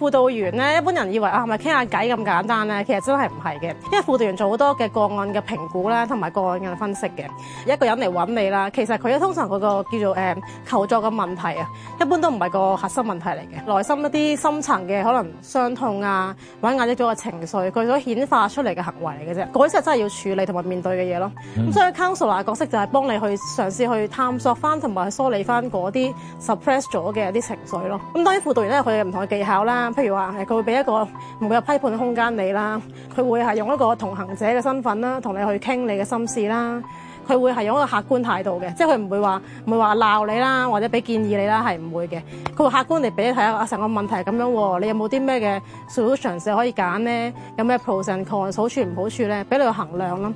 輔導員咧，一般人以為啊，係咪傾下偈咁簡單咧？其實真係唔係嘅，因為輔導員做好多嘅個案嘅評估啦，同埋個案嘅分析嘅。一個人嚟揾你啦，其實佢通常佢個叫做誒、呃、求助嘅問題啊，一般都唔係個核心問題嚟嘅，內心一啲深層嘅可能傷痛啊，或者壓抑咗嘅情緒，佢所顯化出嚟嘅行為嚟嘅啫。嗰時真係要處理同埋面對嘅嘢咯。咁、嗯、所以 counselor 嘅角色就係幫你去嘗試去探索翻同埋去梳理翻嗰啲 suppress 咗嘅一啲情緒咯。咁當然輔導員咧，佢有唔同嘅技巧啦。譬如話，佢會俾一個唔會有批判嘅空間你啦，佢會係用一個同行者嘅身份啦，同你去傾你嘅心事啦，佢會係用一個客觀態度嘅，即係佢唔會話唔會話鬧你啦，或者俾建議你啦，係唔會嘅，佢會客觀嚟俾你睇下阿成個問題係咁樣喎，你有冇啲咩嘅 solution 嘅可以揀咧？有咩 pros and cons 好處唔好處咧？俾你去衡量啦。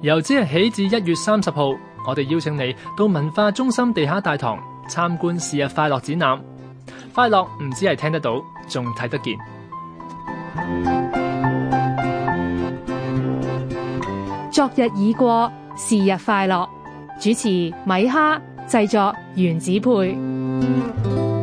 由即日起至一月三十號，我哋邀請你到文化中心地下大堂參觀《是日快樂》展覽。快樂唔止係聽得到，仲睇得見。昨日已過，是日快樂。主持米哈，製作原子配。